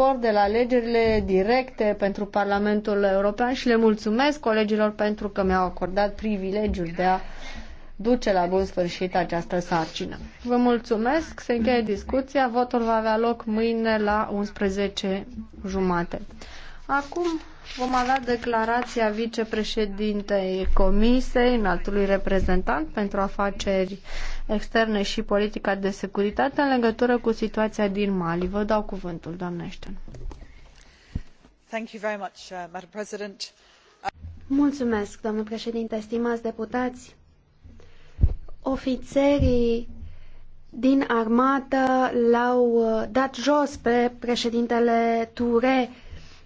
spor de la alegerile directe pentru Parlamentul European și le mulțumesc colegilor pentru că mi-au acordat privilegiul de a duce la bun sfârșit această sarcină. Vă mulțumesc, se încheie discuția, votul va avea loc mâine la 11.30. jumate. Acum Vom avea declarația vicepreședintei Comisiei, înaltului reprezentant pentru afaceri externe și politica de securitate în legătură cu situația din Mali. Vă dau cuvântul, doamnă Ashton. Thank you very much, uh, Madam President. Mulțumesc, doamnă președinte, stimați deputați. Ofițerii din armată l-au uh, dat jos pe președintele Ture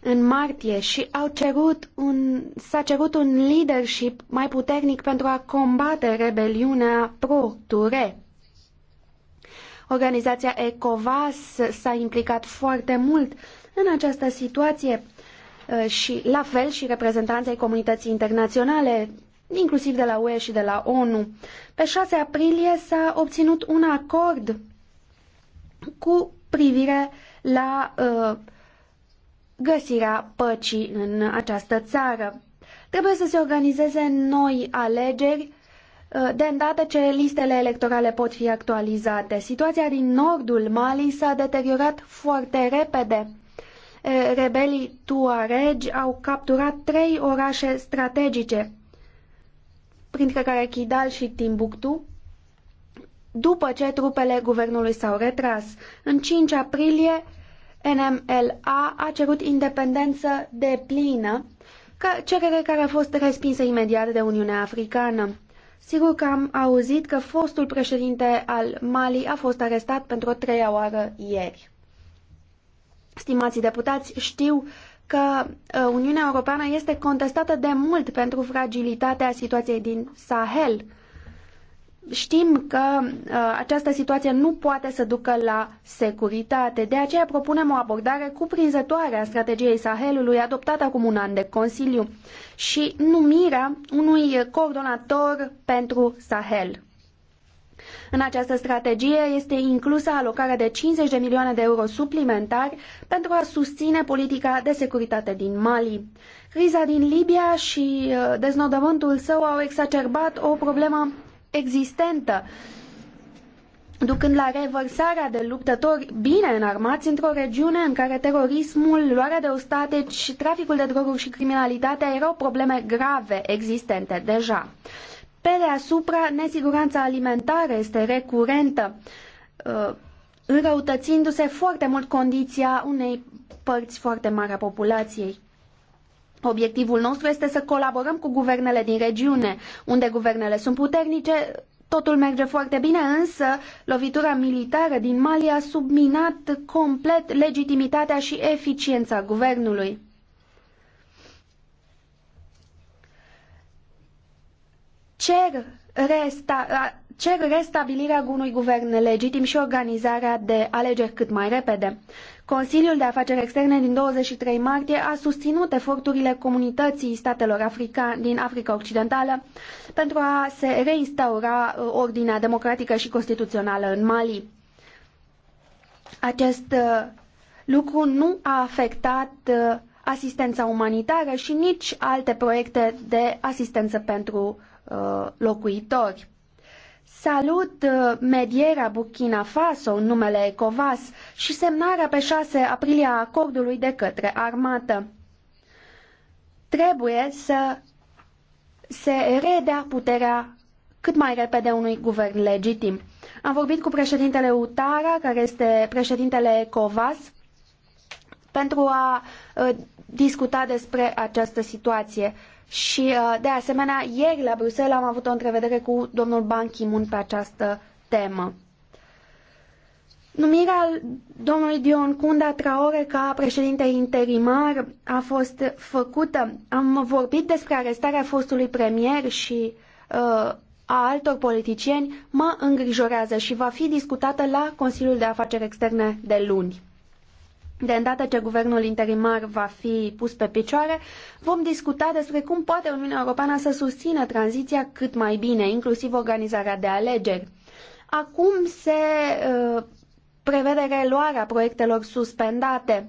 în martie și au cerut un, s-a cerut un leadership mai puternic pentru a combate rebeliunea pro-Ture. Organizația ECOVAS s-a implicat foarte mult în această situație uh, și la fel și reprezentanții comunității internaționale, inclusiv de la UE și de la ONU. Pe 6 aprilie s-a obținut un acord cu privire la uh, găsirea păcii în această țară. Trebuie să se organizeze noi alegeri uh, de îndată ce listele electorale pot fi actualizate. Situația din nordul Mali s-a deteriorat foarte repede. Uh, rebelii tuaregi au capturat trei orașe strategice, printre care Kidal și Timbuktu, după ce trupele guvernului s-au retras. În 5 aprilie, NMLA a cerut independență de plină, cerere care a fost respinsă imediat de Uniunea Africană. Sigur că am auzit că fostul președinte al Mali a fost arestat pentru o treia oară ieri. Stimații deputați, știu că ă, Uniunea Europeană este contestată de mult pentru fragilitatea situației din Sahel. Știm că uh, această situație nu poate să ducă la securitate, de aceea propunem o abordare cuprinzătoare a strategiei Sahelului adoptată acum un an de Consiliu și numirea unui coordonator pentru Sahel. În această strategie este inclusă alocarea de 50 de milioane de euro suplimentari pentru a susține politica de securitate din Mali. Criza din Libia și uh, deznodământul său au exacerbat o problemă existentă, ducând la revărsarea de luptători bine înarmați într-o regiune în care terorismul, luarea de ostateci, traficul de droguri și criminalitatea erau probleme grave existente deja. Pe deasupra, nesiguranța alimentară este recurentă, uh, înrăutățindu-se foarte mult condiția unei părți foarte mari a populației. Obiectivul nostru este să colaborăm cu guvernele din regiune, unde guvernele sunt puternice, Totul merge foarte bine, însă lovitura militară din Mali a subminat complet legitimitatea și eficiența guvernului. Cer, resta, cer restabilirea unui guvern legitim și organizarea de alegeri cât mai repede. Consiliul de Afaceri Externe din 23 martie a susținut eforturile comunității statelor Africa, din Africa Occidentală pentru a se reinstaura uh, ordinea democratică și constituțională în Mali. Acest uh, lucru nu a afectat uh, asistența umanitară și nici alte proiecte de asistență pentru locuitori. Salut uh, medierea Burkina Faso în numele ECOVAS și semnarea pe 6 aprilie a acordului de către armată. Trebuie să se redea puterea cât mai repede unui guvern legitim. Am vorbit cu președintele Utara, care este președintele ECOVAS, pentru a uh, discuta despre această situație. Și, uh, de asemenea, ieri la Bruxelles am avut o întrevedere cu domnul Ban Ki-moon pe această temă. Numirea domnului Dion Kunda Traore ca președinte interimar a fost făcută. Am vorbit despre arestarea fostului premier și uh, a altor politicieni. Mă îngrijorează și va fi discutată la Consiliul de Afaceri Externe de luni. De îndată ce guvernul interimar va fi pus pe picioare, vom discuta despre cum poate Uniunea Europeană să susțină tranziția cât mai bine, inclusiv organizarea de alegeri. Acum se uh, prevede reluarea proiectelor suspendate,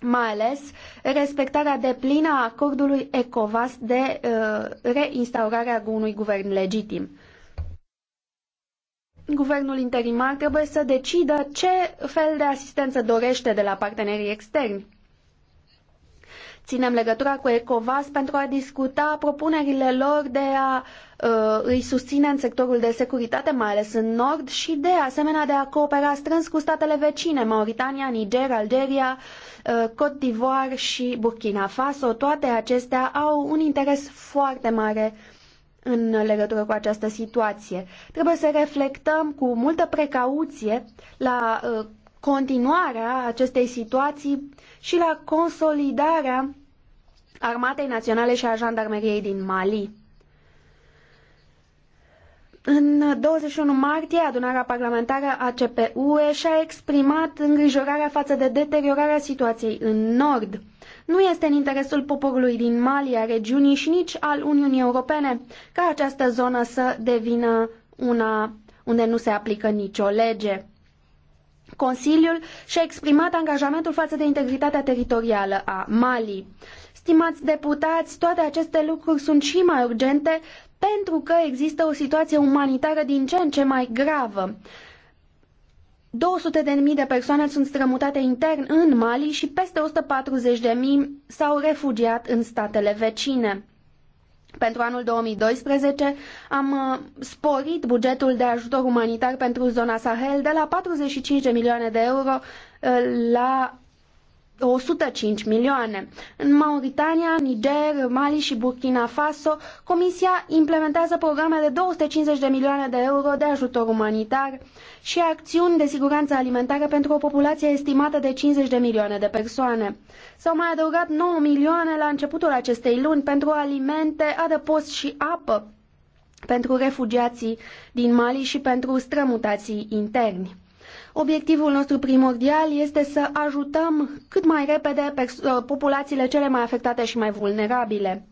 mai ales respectarea deplină a acordului ECOVAS de uh, reinstaurarea unui guvern legitim guvernul interimar trebuie să decidă ce fel de asistență dorește de la partenerii externi. Ținem legătura cu ECOVAS pentru a discuta propunerile lor de a uh, îi susține în sectorul de securitate, mai ales în nord, și de asemenea de a coopera strâns cu statele vecine, Mauritania, Niger, Algeria, uh, Côte d'Ivoire și Burkina Faso. Toate acestea au un interes foarte mare uh, în legătură cu această situație. Trebuie să reflectăm cu multă precauție la uh, continuarea acestei situații și la consolidarea Armatei Naționale și a Jandarmeriei din Mali. În 21 martie, adunarea parlamentară a CPUE și-a exprimat îngrijorarea față de deteriorarea situației în Nord. Nu este în interesul poporului din Mali, a regiunii și nici al Uniunii Europene ca această zonă să devină una unde nu se aplică nicio lege. Consiliul și-a exprimat angajamentul față de integritatea teritorială a Mali. Stimați deputați, toate aceste lucruri sunt și mai urgente pentru că există o situație umanitară din ce în ce mai gravă. 200 de mii de persoane sunt strămutate intern în Mali și peste 140.000 de mii s-au refugiat în statele vecine. Pentru anul 2012 am uh, sporit bugetul de ajutor umanitar pentru zona Sahel de la 45 de milioane de euro uh, la 105 milioane. În Mauritania, Niger, Mali și Burkina Faso, Comisia implementează programe de 250 de milioane de euro de ajutor umanitar și acțiuni de siguranță alimentară pentru o populație estimată de 50 de milioane de persoane. S-au mai adăugat 9 milioane la începutul acestei luni pentru alimente, adăpost și apă pentru refugiații din Mali și pentru strămutații interni. Obiectivul nostru primordial este să ajutăm cât mai repede uh, populațiile cele mai afectate și mai vulnerabile.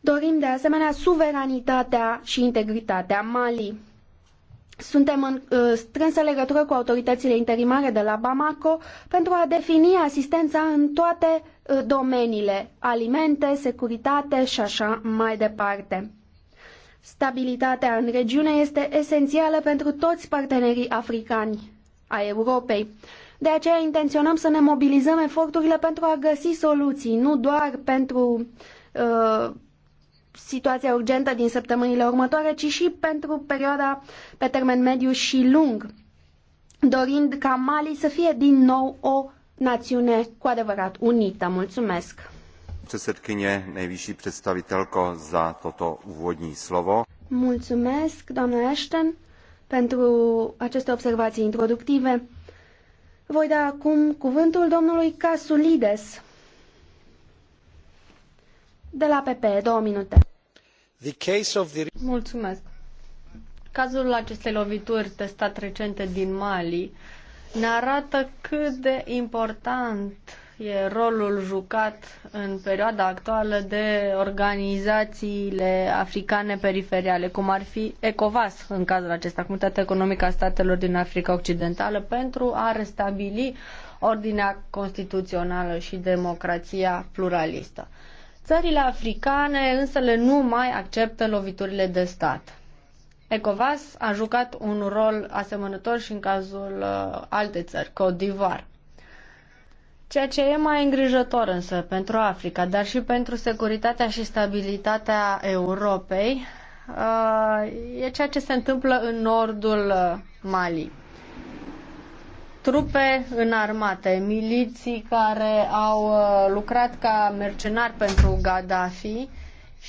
Dorim de asemenea suveranitatea și integritatea Mali. Suntem în uh, strânsă legătură cu autoritățile interimare de la Bamako pentru a defini asistența în toate uh, domeniile, alimente, securitate și așa mai departe. Stabilitatea în regiune este esențială pentru toți partenerii africani a Europei. De aceea intenționăm să ne mobilizăm eforturile pentru a găsi soluții, nu doar pentru uh, situația urgentă din săptămânile următoare, ci și pentru perioada pe termen mediu și lung, dorind ca Mali să fie din nou o națiune cu adevărat unită. Mulțumesc! předsedkyně, nejvyšší představitelko, za toto úvodní slovo. Mulțumesc, doamnă Ashton, pentru aceste observații introductive. Voi da acum cuvântul domnului Casulides de la PP, două minute. The... Mulțumesc. Cazul acestei lovituri de stat recente din Mali ne arată cât de important e rolul jucat în perioada actuală de organizațiile africane periferiale, cum ar fi ECOVAS în cazul acesta, Comunitatea Economică a Statelor din Africa Occidentală, pentru a restabili ordinea constituțională și democrația pluralistă. Țările africane însă le nu mai acceptă loviturile de stat. ECOVAS a jucat un rol asemănător și în cazul uh, alte țări, Côte d'Ivoire. Ceea ce e mai îngrijător însă pentru Africa, dar și pentru securitatea și stabilitatea Europei, uh, e ceea ce se întâmplă în nordul uh, Mali. Trupe înarmate, miliții care au uh, lucrat ca mercenari pentru Gaddafi,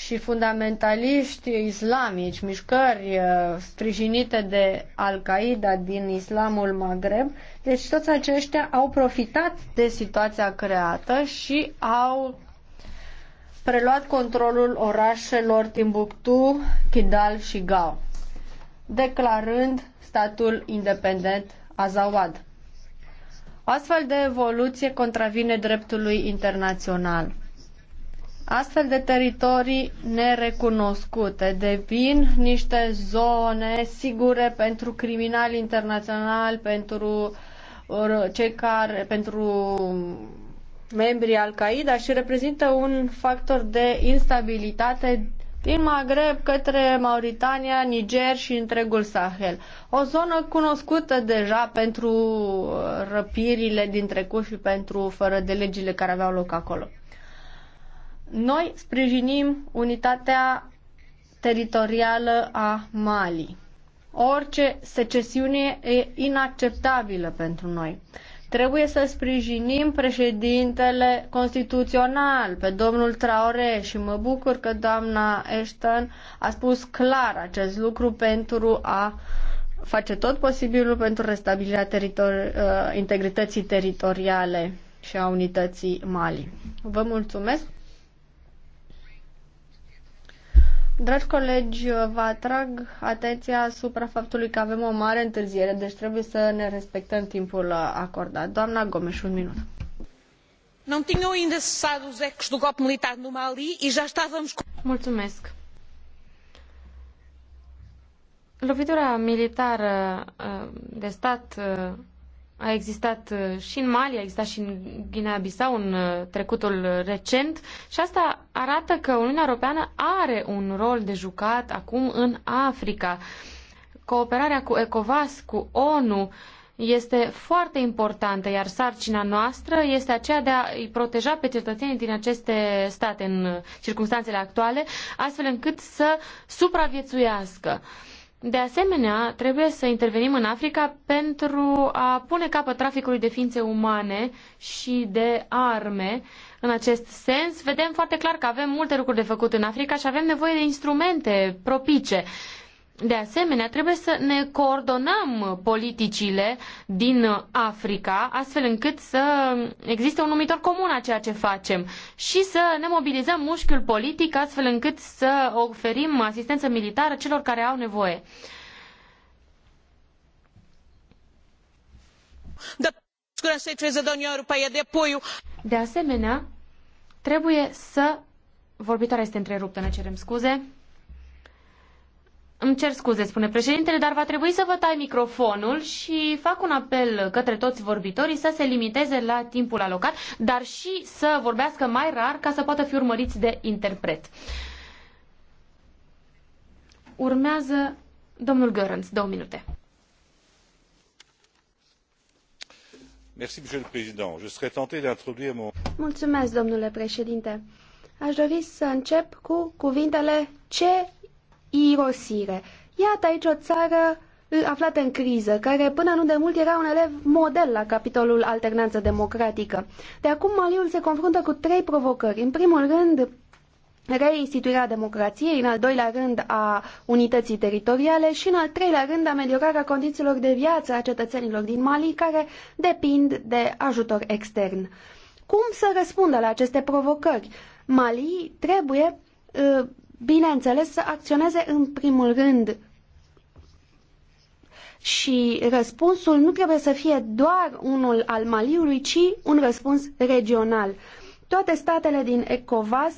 și fundamentaliști islamici, mișcări uh, sprijinite de Al-Qaeda din islamul Maghreb. Deci toți aceștia au profitat de situația creată și au preluat controlul orașelor Timbuktu, Kidal și Gao, declarând statul independent Azawad. O astfel de evoluție contravine dreptului internațional. Astfel de teritorii nerecunoscute devin niște zone sigure pentru criminali internaționali, pentru cei care, pentru membrii Al-Qaeda și reprezintă un factor de instabilitate din Maghreb către Mauritania, Niger și întregul Sahel. O zonă cunoscută deja pentru uh, răpirile din trecut și pentru fără de legile care aveau loc acolo. Noi sprijinim unitatea teritorială a Mali. Orice secesiune e inacceptabilă pentru noi. Trebuie să sprijinim președintele constituțional, pe domnul Traore, și mă bucur că doamna Ashton a spus clar acest lucru pentru a face tot posibilul pentru restabilirea teritori- uh, integrității teritoriale și a unității Mali. Vă mulțumesc! Dragi colegi, vă atrag atenția asupra faptului că avem o mare întârziere, deci trebuie să ne respectăm timpul acordat. Doamna Gomes, un minut. Não tinham ainda cessado os ecos do golpe militar no Mali e já estávamos... Mulțumesc. Lovitura militară eh, de stat eh, a existat uh, și în Mali, a existat și în Guinea-Bissau în uh, trecutul recent și asta arată că Uniunea Europeană are un rol de jucat acum în Africa. Cooperarea cu ECOVAS, cu ONU este foarte importantă, iar sarcina noastră este aceea de a i proteja pe cetățenii din aceste state în uh, circunstanțele actuale, astfel încât să supraviețuiască. Uh, de asemenea, trebuie să intervenim în Africa pentru a pune capăt traficului de ființe umane și de arme. În acest sens, vedem foarte clar că avem multe lucruri de făcut în Africa și avem nevoie de instrumente propice. De asemenea, trebuie să ne coordonăm politicile din Africa, astfel încât să existe un numitor comun a ceea ce facem și să ne mobilizăm mușchiul politic, astfel încât să oferim asistență militară celor care au nevoie. De asemenea, trebuie să... Vorbitoarea este întreruptă, ne cerem scuze. Îmi cer scuze, spune președintele, dar va trebui să vă tai microfonul și fac un apel către toți vorbitorii să se limiteze la timpul alocat, dar și să vorbească mai rar ca să poată fi urmăriți de interpret. Urmează domnul Görens, două minute. Mulțumesc, domnule președinte. Aș dori să încep cu cuvintele ce irosire. Iată aici o țară aflată în criză, care până nu de mult era un elev model la capitolul alternanță democratică. De acum Maliul se confruntă cu trei provocări. În primul rând, reinstituirea democrației, în al doilea rând a unității teritoriale și în al treilea rând ameliorarea condițiilor de viață a cetățenilor din Mali care depind de ajutor extern. Cum să răspundă la aceste provocări? Mali trebuie uh, bineînțeles, să acționeze în primul rând și răspunsul nu trebuie să fie doar unul al Maliului, ci un răspuns regional. Toate statele din ECOVAS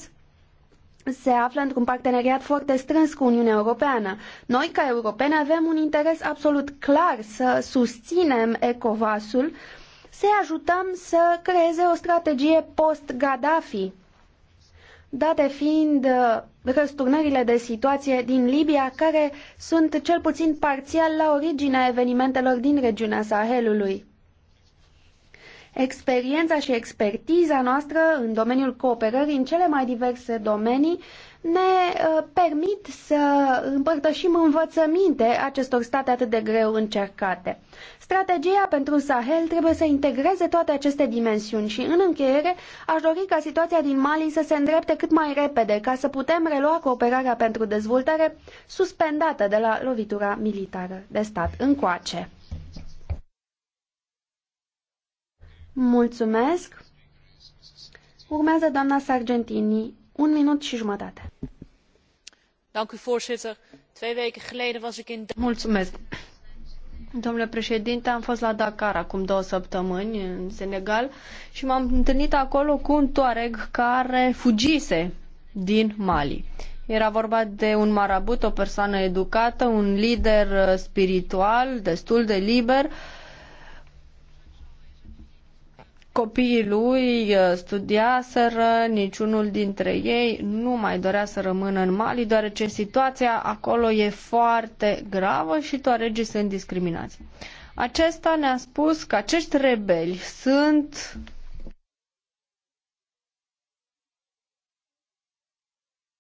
se află într-un parteneriat foarte strâns cu Uniunea Europeană. Noi, ca europeni, avem un interes absolut clar să susținem ECOVAS-ul, să-i ajutăm să creeze o strategie post-Gaddafi date fiind uh, răsturnările de situație din Libia, care sunt cel puțin parțial la originea evenimentelor din regiunea Sahelului. Experiența și expertiza noastră în domeniul cooperării în cele mai diverse domenii ne uh, permit să împărtășim învățăminte acestor state atât de greu încercate. Strategia pentru Sahel trebuie să integreze toate aceste dimensiuni și, în încheiere, aș dori ca situația din Mali să se îndrepte cât mai repede ca să putem relua cooperarea pentru dezvoltare suspendată de la lovitura militară de stat încoace. Mulțumesc. Urmează doamna Sargentini. Un minut și jumătate. Mulțumesc. Domnule președinte, am fost la Dakar acum două săptămâni în Senegal și m-am întâlnit acolo cu un toareg care fugise din Mali. Era vorba de un marabut, o persoană educată, un lider uh, spiritual, destul de liber, uh, copiii lui uh, studiaseră, niciunul dintre ei nu mai dorea să rămână în Mali, deoarece situația acolo e foarte gravă și toaregii sunt discriminați. Acesta ne-a spus că acești rebeli sunt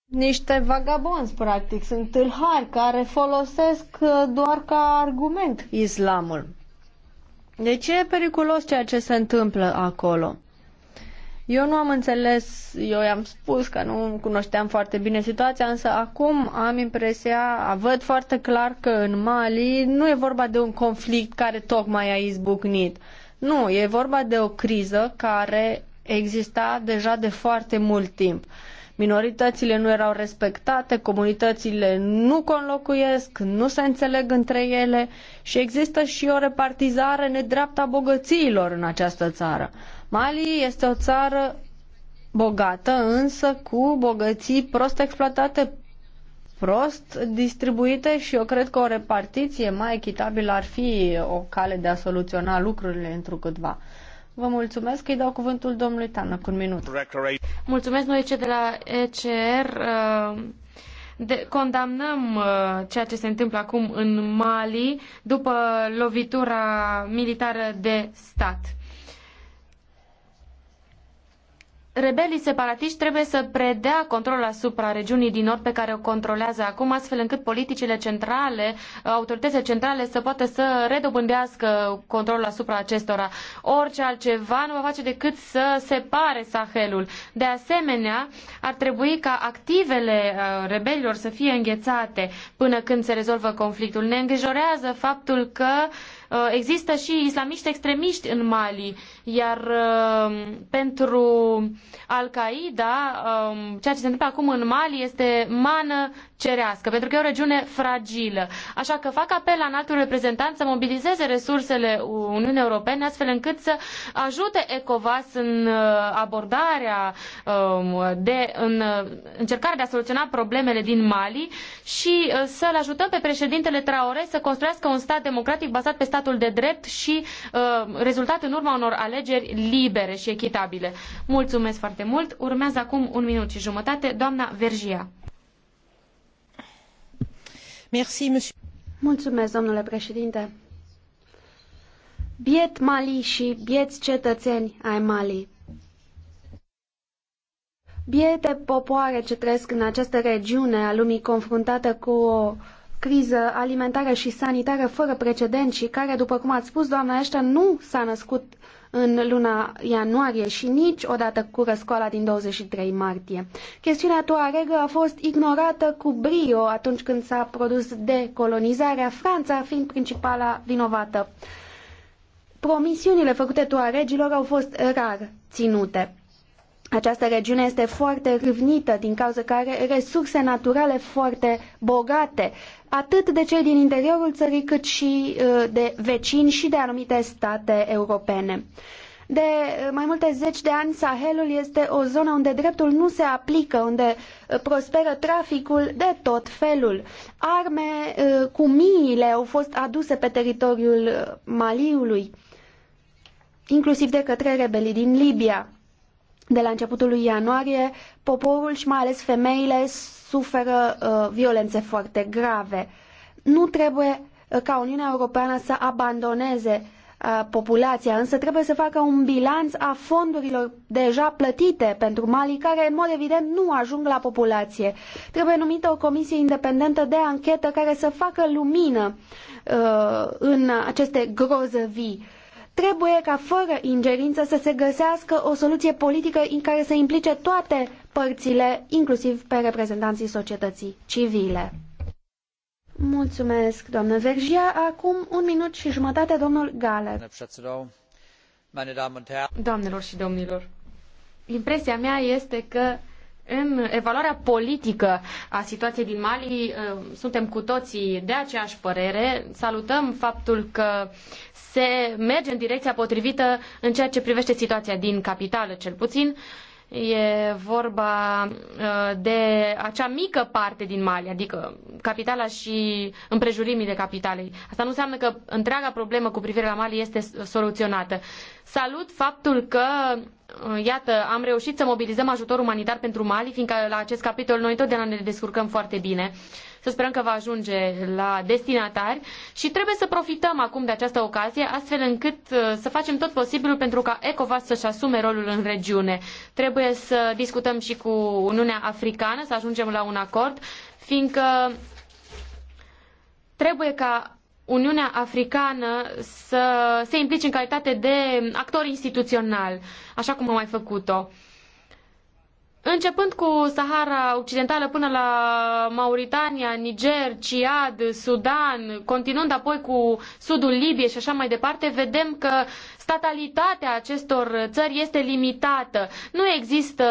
niște vagabonzi, practic, sunt tâlhari care folosesc uh, doar ca argument islamul. De ce e periculos ceea ce se întâmplă acolo. Eu nu am înțeles, eu i-am spus că nu cunoșteam foarte bine situația, însă acum am impresia, văd foarte clar că în Mali nu e vorba de un conflict care tocmai a izbucnit. Nu, e vorba de o criză care exista deja de foarte mult timp. Uh, minoritățile nu erau respectate, comunitățile nu conlocuiesc, nu se înțeleg între ele și există și o repartizare nedreaptă a bogățiilor în această țară. Mali este o țară bogată, însă cu bogății prost exploatate, prost distribuite și eu cred că o repartiție mai echitabilă ar fi o cale de a soluționa lucrurile întrucâtva. câtva. Vă mulțumesc. Îi dau cuvântul domnului cu un minut. Mulțumesc. Noi cei de la ECR uh, de, condamnăm uh, ceea ce se întâmplă acum în Mali după lovitura militară de stat. Rebelii separatiști trebuie să predea controlul asupra regiunii din nord pe care o controlează acum, astfel încât politicile centrale, autoritățile centrale să poată să redobândească controlul asupra acestora. Orice altceva nu va face decât să separe Sahelul. De asemenea, ar trebui ca activele uh, rebelilor să fie înghețate până când se rezolvă conflictul. Ne îngrijorează faptul că Uh, există și islamiști extremiști în Mali, iar uh, pentru Al-Qaeda, um, ceea ce se întâmplă acum în Mali este mană cerească, pentru că e o regiune fragilă. Așa că fac apel la înaltul reprezentant să mobilizeze resursele Uniunii Europene astfel încât să ajute ECOVAS în uh, abordarea, um, de, în uh, încercarea de a soluționa problemele din Mali și uh, să-l ajutăm pe președintele Traore să construiască un stat democratic bazat pe statul de drept și rezultat în urma unor alegeri libere și echitabile. Mulțumesc foarte mult. Urmează acum un minut și jumătate doamna Vergia. Mulțumesc, domnule președinte. Biet Mali și bieți cetățeni ai Mali. Biete popoare ce trăiesc în această regiune a lumii confruntată cu o criză alimentară și sanitară fără precedent și care, după cum ați spus, doamna Ashton, nu s-a născut în luna ianuarie și nici odată cu răscoala din 23 martie. Chestiunea Tuaregă a fost ignorată cu brio atunci când s-a produs decolonizarea, Franța fiind principala vinovată. Promisiunile făcute tuaregilor au fost rar ținute. Această regiune este foarte râvnită din cauza că are resurse naturale foarte bogate, atât de cei din interiorul țării, cât și uh, de vecini și de anumite state europene. De uh, mai multe zeci de ani, Sahelul este o zonă unde dreptul nu se aplică, unde uh, prosperă traficul de tot felul. Arme cu miile au fost aduse pe teritoriul Maliului, inclusiv de către rebelii din Libia. De la începutul lui ianuarie, poporul și mai ales femeile suferă uh, violențe foarte grave. Nu trebuie uh, ca Uniunea Europeană să abandoneze uh, populația, însă trebuie să facă un bilanț a fondurilor deja plătite pentru Mali, care în mod evident nu ajung la populație. Trebuie numită o comisie independentă de anchetă care să facă lumină uh, în aceste grozăvii Trebuie ca fără ingerință să se găsească o soluție politică în care să implice toate părțile, inclusiv pe reprezentanții societății civile. Mulțumesc, doamnă Vergia. Acum un minut și jumătate, domnul Gale. Doamnelor și domnilor, impresia mea este că în evaluarea politică a situației din Mali uh, suntem cu toții de aceeași părere. Salutăm faptul că se merge în direcția potrivită în ceea ce privește situația din capitală, cel puțin. E vorba uh, de acea mică parte din Mali, adică capitala și împrejurimile capitalei. Asta nu înseamnă că întreaga problemă cu privire la Mali este soluționată. Salut faptul că uh, iată, am reușit să mobilizăm ajutor umanitar pentru Mali, fiindcă la acest capitol noi totdeauna ne descurcăm foarte bine. Să sperăm că va ajunge la destinatari și trebuie să profităm acum de această ocazie, astfel încât uh, să facem tot posibilul pentru ca ECOVAS să-și asume rolul în regiune. Trebuie să discutăm și cu Uniunea Africană, să ajungem la un acord, fiindcă trebuie ca Uniunea Africană să se implice în calitate de actor instituțional, așa cum a mai făcut-o. Începând cu Sahara Occidentală până la Mauritania, Niger, Ciad, Sudan, continuând apoi cu sudul Libiei și așa mai departe, vedem că statalitatea acestor țări este limitată. Nu există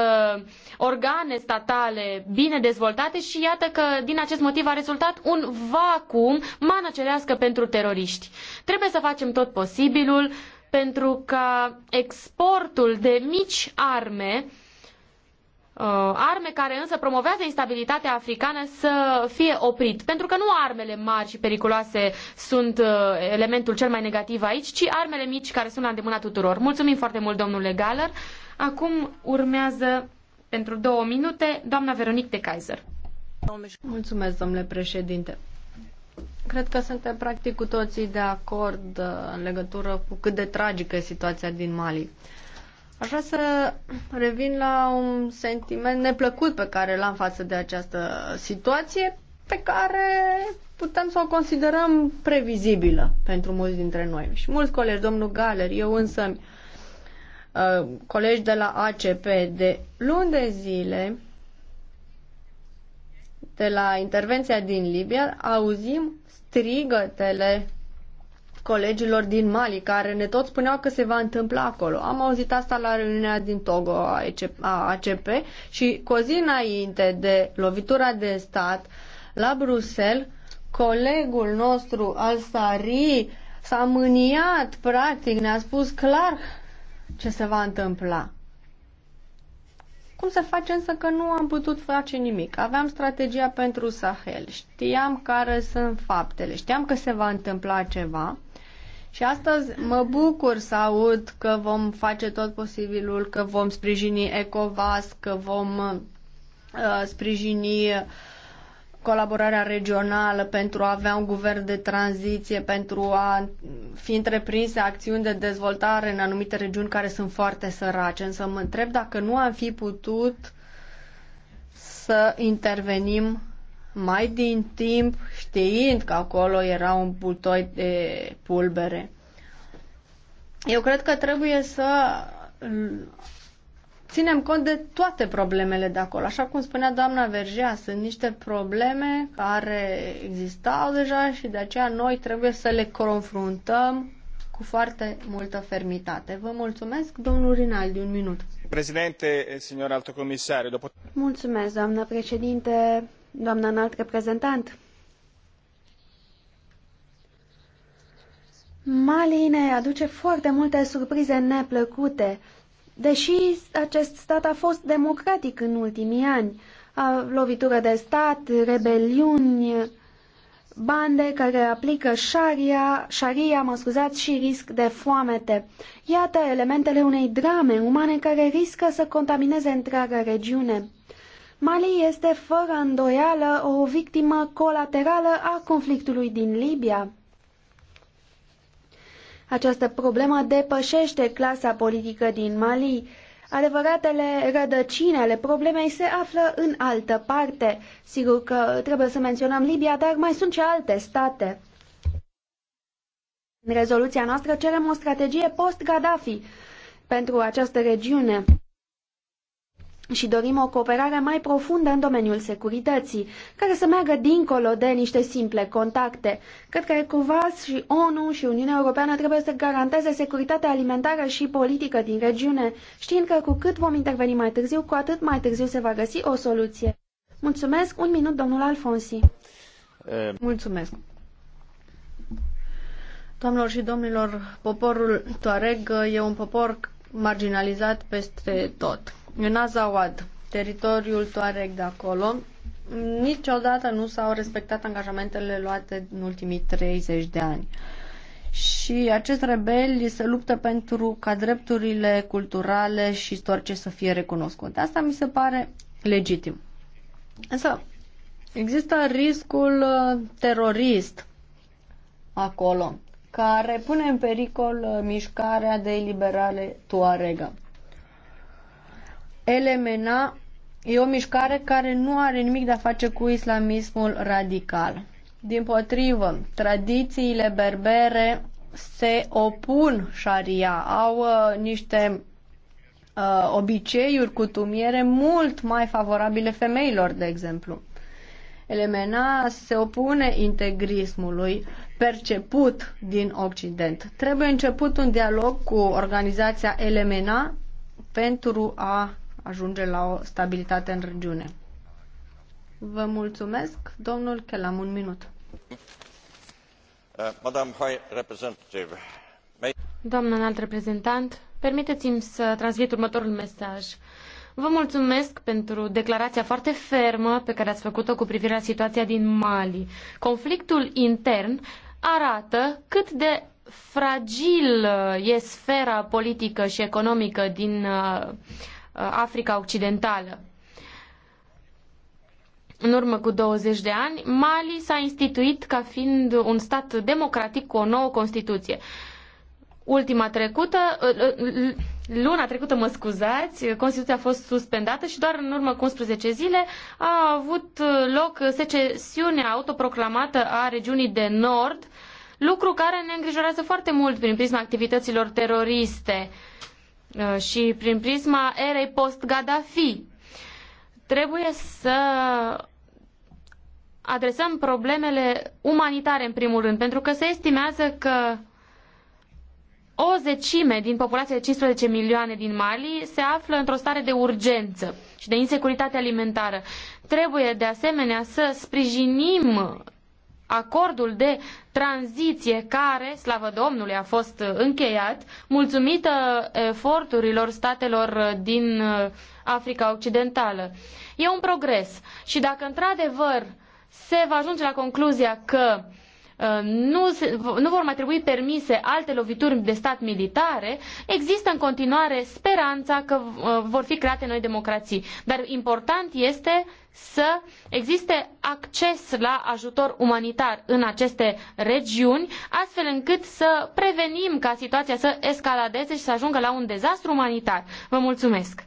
organe statale bine dezvoltate și iată că din acest motiv a rezultat un vacuum mană cerească pentru teroriști. Trebuie să facem tot posibilul pentru ca exportul de mici arme Uh, arme care însă promovează instabilitatea africană să fie oprit. Pentru că nu armele mari și periculoase sunt uh, elementul cel mai negativ aici, ci armele mici care sunt la îndemâna tuturor. Mulțumim foarte mult, domnule Galler. Acum urmează pentru două minute doamna Veronique de Kaiser. Mulțumesc, domnule președinte. Cred că suntem practic cu toții de acord uh, în legătură cu cât de tragică e situația din Mali. Aș vrea să revin la un sentiment neplăcut pe care l-am față de această situație, pe care putem să o considerăm previzibilă pentru mulți dintre noi. Și mulți colegi, domnul Galer, eu însă, uh, colegi de la ACP, de luni de zile, de la intervenția din Libia, auzim strigătele colegilor din Mali, care ne tot spuneau că se va întâmpla acolo. Am auzit asta la reuniunea din Togo a ACP și cu o zi înainte de lovitura de stat la Bruxelles, colegul nostru al Sari s-a mâniat, practic, ne-a spus clar ce se va întâmpla. Cum se face însă că nu am putut face nimic? Aveam strategia pentru Sahel, știam care sunt faptele, știam că se va întâmpla ceva și astăzi mă bucur să aud că vom face tot posibilul, că vom sprijini ECOVAS, că vom uh, sprijini colaborarea regională, pentru a avea un guvern de tranziție, pentru a fi întreprinse acțiuni de dezvoltare în anumite regiuni care sunt foarte sărace. Însă mă întreb dacă nu am fi putut să intervenim mai din timp, știind că acolo era un butoi de pulbere. Eu cred că trebuie să mm, ținem cont de toate problemele de acolo. Așa cum spunea doamna Vergea, sunt niște probleme care existau deja și de aceea noi trebuie să le confruntăm cu foarte multă fermitate. Vă mulțumesc, domnul Rinaldi, un minut. Președinte, signor altocomisar, după... Mulțumesc, doamnă președinte, doamna înalt reprezentant. Mali ne aduce foarte multe surprize neplăcute, deși acest stat a fost democratic în ultimii ani. A, lovitură de stat, rebeliuni, bande care aplică șaria, șaria, mă scuzați, și risc de foamete. Iată elementele unei drame umane care riscă să contamineze întreaga regiune. Mali este fără îndoială o victimă colaterală a conflictului din Libia. Această problemă depășește clasa politică din Mali. Adevăratele rădăcini ale problemei se află în altă parte. Sigur că trebuie să menționăm Libia, dar mai sunt și alte state. În rezoluția noastră cerem o strategie post-Gaddafi pentru această regiune și dorim o cooperare mai profundă în domeniul securității, care să meargă dincolo de niște simple contacte. Cred că ECOVAS și ONU și Uniunea Europeană trebuie să garanteze securitatea alimentară și politică din regiune, știind că cu cât vom interveni mai târziu, cu atât mai târziu se va găsi o soluție. Mulțumesc. Un minut, domnul Alfonsi. Mulțumesc. Doamnelor și domnilor, poporul Tuareg e un popor marginalizat peste tot în Azawad, teritoriul Tuareg de acolo, niciodată nu s-au respectat angajamentele luate în ultimii 30 de ani. Și acești rebeli se luptă pentru ca drepturile culturale și istorice să fie recunoscute. Asta mi se pare legitim. Însă există riscul uh, terorist acolo, care pune în pericol uh, mișcarea de eliberare Tuarega. LMNA e o mișcare care nu are nimic de a face cu islamismul radical. Din potrivă, tradițiile berbere se opun șaria, au uh, niște uh, obiceiuri tumiere mult mai favorabile femeilor, de exemplu. Elemena se opune integrismului perceput din Occident. Trebuie început un dialog cu organizația Elemena pentru a ajunge la o stabilitate în regiune. Vă mulțumesc, domnul Kelam, un minut. Uh, Doamnă înalt reprezentant, permiteți-mi să transmit următorul mesaj. Vă mulțumesc pentru declarația foarte fermă pe care ați făcut-o cu privire la situația din Mali. Conflictul intern arată cât de fragil uh, e sfera politică și economică din uh, Uh, Africa Occidentală. În urmă cu 20 de ani, Mali s-a instituit ca fiind un stat democratic cu o nouă Constituție. Ultima trecută, uh, uh, luna trecută, mă scuzați, Constituția a fost suspendată și doar în urmă cu 11 zile a avut loc secesiunea autoproclamată a regiunii de nord, lucru care ne îngrijorează foarte mult prin prisma activităților teroriste Uh, și prin prisma erei post-Gaddafi. Trebuie să adresăm problemele umanitare în primul rând, pentru că se estimează că o zecime din populația de 15 milioane din Mali se află într-o stare de urgență și de insecuritate alimentară. Trebuie de asemenea să sprijinim acordul de tranziție care, slavă Domnului, a fost uh, încheiat, mulțumită eforturilor statelor uh, din uh, Africa Occidentală. E un progres și dacă într-adevăr se va ajunge la concluzia că uh, Uh, nu, se, nu vor mai trebui permise alte lovituri de stat militare, există în continuare speranța că uh, vor fi create noi democrații. Dar important este să existe acces la ajutor umanitar în aceste regiuni, astfel încât să prevenim ca situația să escaladeze și să ajungă la un dezastru umanitar. Vă mulțumesc!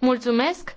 Mulțumesc!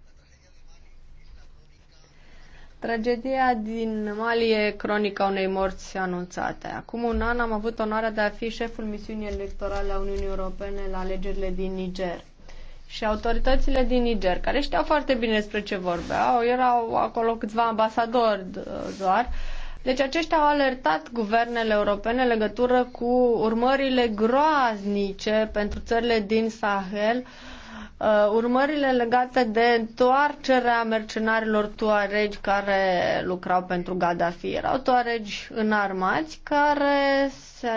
Tragedia din Mali e cronica unei morți anunțate. Acum un an am avut onoarea de a fi șeful misiunii electorale a Uniunii Europene la alegerile din Niger. Și autoritățile din Niger, care știau foarte bine despre ce vorbeau, erau acolo câțiva ambasadori uh, doar, deci aceștia au alertat guvernele europene legătură cu urmările groaznice pentru țările din Sahel uh, Uh, urmările legate de întoarcerea mercenarilor tuaregi care lucrau pentru Gaddafi. Erau tuaregi înarmați care, se,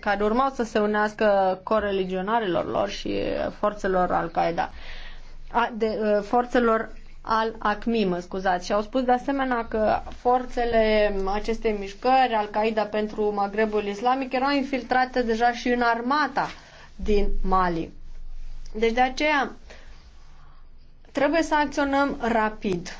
care urmau să se unească coreligionarilor lor și forțelor Al-Qaeda. De, uh, forțelor al ACMI, mă scuzați, și au spus de asemenea că forțele acestei mișcări, Al-Qaeda pentru Magrebul Islamic, erau infiltrate deja și în armata din Mali. Deci de aceea trebuie să acționăm rapid,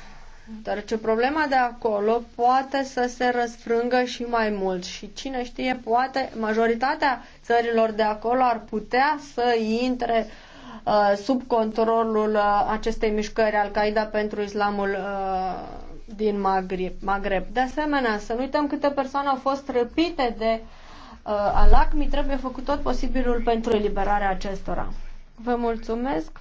dar ce problema de acolo poate să se răsfrângă și mai mult și cine știe, poate majoritatea țărilor de acolo ar putea să intre uh, sub controlul uh, acestei mișcări Al-Qaeda pentru Islamul uh, din Maghreb. Maghreb. De asemenea, să nu uităm câte persoane au fost răpite de uh, Alacmi, mi trebuie făcut tot posibilul pentru eliberarea acestora. Vă mulțumesc.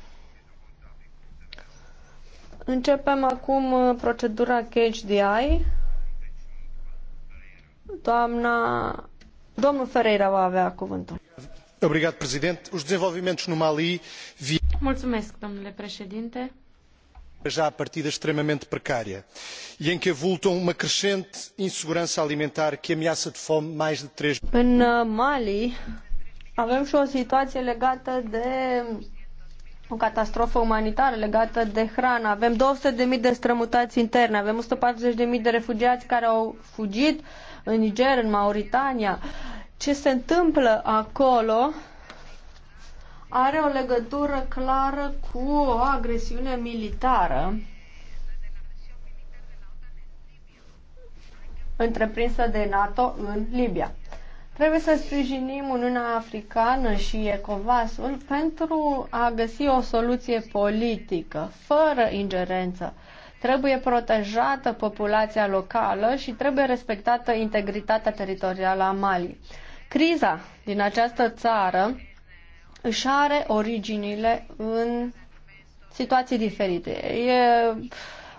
Începem acum uh, procedura Cage Doamna... Domnul Ferreira va avea cuvântul. Obrigat, președinte. Os desenvolvimentos no Mali vi... Mulțumesc, domnule președinte. Já a partida extremamente precária e em que avultam uma crescente insegurança alimentar que ameaça de fome mais de 3 În uh, Mali, avem și o situație legată de o catastrofă umanitară legată de hrană. Avem 200.000 de strămutați interne, avem 140.000 de refugiați care au fugit în Niger, în Mauritania. Ce se întâmplă acolo are o legătură clară cu o agresiune militară întreprinsă de NATO în Libia. Trebuie să sprijinim Uniunea Africană și Ecovasul pentru a găsi o soluție politică, fără ingerență. Trebuie protejată populația locală și trebuie respectată integritatea teritorială a Mali. Criza din această țară își are originile în situații diferite. E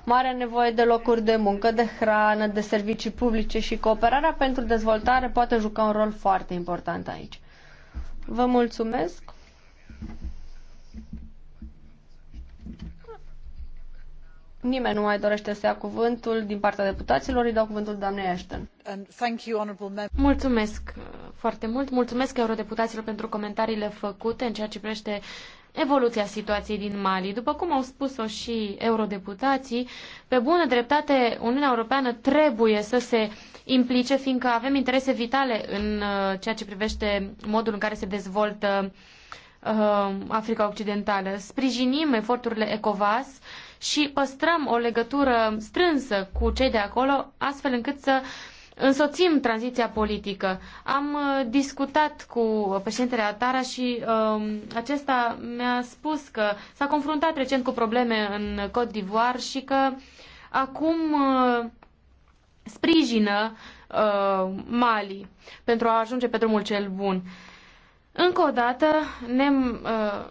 mare nevoie de locuri de muncă, de hrană, de servicii publice și cooperarea pentru dezvoltare poate juca un rol foarte important aici. Vă mulțumesc! Nimeni nu mai dorește să ia cuvântul din partea deputaților. Îi dau cuvântul doamnei Ashton. Mulțumesc foarte mult. Mulțumesc eurodeputaților pentru comentariile făcute în ceea ce privește evoluția situației din Mali. După cum au spus-o și eurodeputații, pe bună dreptate Uniunea Europeană trebuie să se implice, fiindcă avem interese vitale în uh, ceea ce privește modul în care se dezvoltă uh, Africa Occidentală. Sprijinim eforturile ECOVAS și păstrăm o legătură strânsă cu cei de acolo, astfel încât să uh, însoțim tranziția politică. Am uh, discutat cu președintele Atara și um, acesta mi-a spus că s-a confruntat recent cu probleme în Cote d'Ivoire și că acum uh, sprijină uh, Mali pentru a ajunge pe drumul cel bun. Încă o dată ne uh,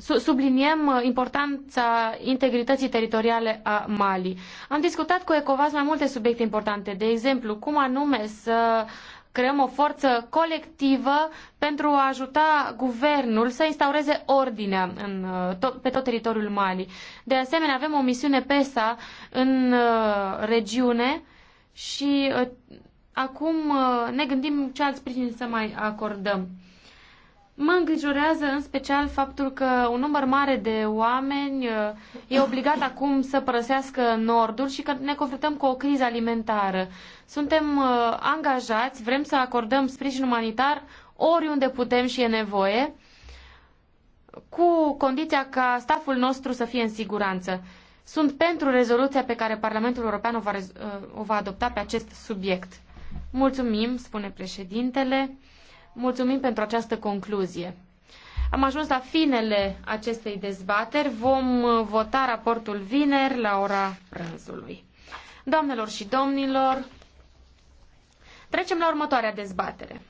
subliniem uh, importanța integrității teritoriale a Mali. Am discutat cu ECOVAS mai multe subiecte importante, de exemplu, cum anume să creăm o forță colectivă pentru a ajuta guvernul să instaureze ordinea în, uh, pe tot teritoriul Mali. De asemenea, avem o misiune PESA în uh, regiune și acum ne gândim ce alți sprijin să mai acordăm. Mă îngrijorează în special faptul că un număr mare de oameni uh, e obligat acum să părăsească Nordul și că ne confruntăm cu o criză alimentară. Suntem uh, angajați, vrem să acordăm sprijin umanitar oriunde putem și e nevoie, cu condiția ca staful nostru să fie în siguranță. Sunt pentru rezoluția pe care Parlamentul European o va, uh, o va adopta pe acest subiect. Mulțumim, spune președintele. Mulțumim pentru această concluzie. Am ajuns la finele acestei dezbateri. Vom uh, vota raportul vineri la ora prânzului. Doamnelor și domnilor, trecem la următoarea dezbatere.